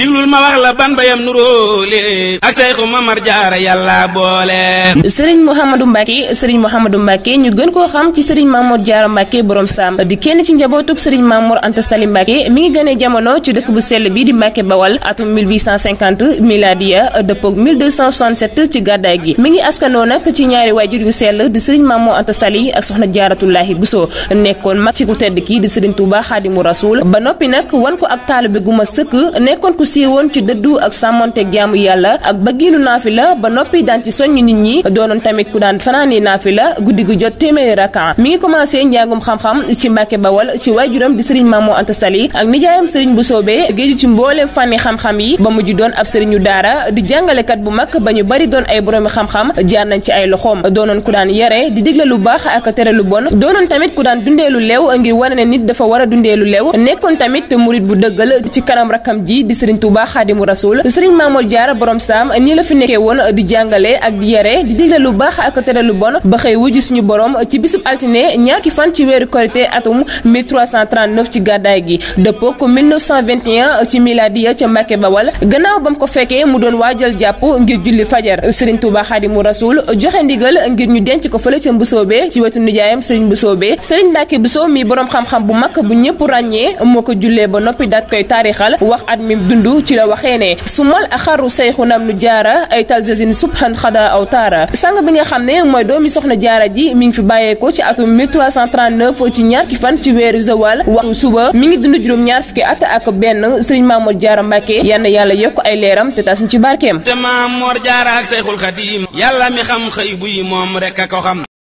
diglul ma wax la ban bayam nuróole ak sayxu mamar jaara yàlla boole sëriñ Mouhamadou Mbacke sëriñ Mouhamadou Mbacke ñu gën koo xam ci sëriñ Mamour Jaara Mbacke borom saam di kenn ci njabootug sëriñ Mamour Anta Sali Mbacke mi ngi gënee jamono ci dëkk bu sell bi di Mbacke Bawal atum 1850 miladiya dëppoog 1267 ci gàddaay gi mi ngi askanoo nag ci ñaari waajur yu sell di sëriñ Mamour Anta Sali ak soxna Jaaratullaahi Buso nekkoon mag ci ku tedd ki di sëriñ Touba Xaadimu Rasuul ba noppi nag wan ko ak taalibe gu ma sëkk nekkoon ku siiwoon ci dëddu ak sàmmonte jaamu yàlla ak ba bëggiinu la ba noppi daan ci soññ nit ñi doonoon tamit ku daan fanaani la guddi gu jot téeméeri rakan mi ngi commencé njàngum xam-xam ci Mbàkke Bawal ci waajuram di sëriñ Maamo Anta Sali ak nijaayam sëriñ bu soobee géeju ci mbooleem fànni xam-xam yi ba mujj doon ab sëriñu daara di jàngalekat bu mag ba ñu bari doon ay boroomi xam-xam jaar nañ ci ay loxoom doonoon ku daan yare di digle lu baax ak tere lu bon doonoon tamit ku daan dundee lu leew ngir wane nit dafa war a dundee lu leew nekkoon tamit murit bu dëggal ci kanam rakkam ji di sëriñ Touba Xaadimu Rasul Serigne Mamour Diarra borom saam nii la fi nekkee woon di jàngale ak di yare di digle lu baax ak tere lu bon ba xëy wujj suñu borom ci bisub altine ñaari fan ci weeru korité atum ci gàddaay gi dëppoo ko 1921 ci miladiya ca Mbàkke Bawal gannaaw ba mu ko fekkee mu doon waajal jàpp ngir julli fajar Serigne Touba Xaadimu Rasul joxe ndigal ngir ñu denc ko fële ca Mbusoobe ci wetu nijaayam Serigne Mbusoobe Serigne Mbàkke Buso mi borom xam-xam bu mag bu ñëpp ràññee moo ko jullee ba noppi daat dund ci la waxee ne su mal axaru seyxu nam nu jaara ay talzazin subhan xada aw taara sang bi nga xam ne mooy doomi soxna jaara ji mi ngi fi bàyyeeko ci atum 1339 ci ñaar ki fan ci weeru zawal waxtu suba mi ngi dund juróom ñaar fukki at ak benn sëriñ Maamoor Jaara Mbàkke yal na yàlla yokk ay leeram te tas ñu ci barkeem te Maamoor Jaara ak seyxul xadim yàlla mi xam xëy buy moom rek a xam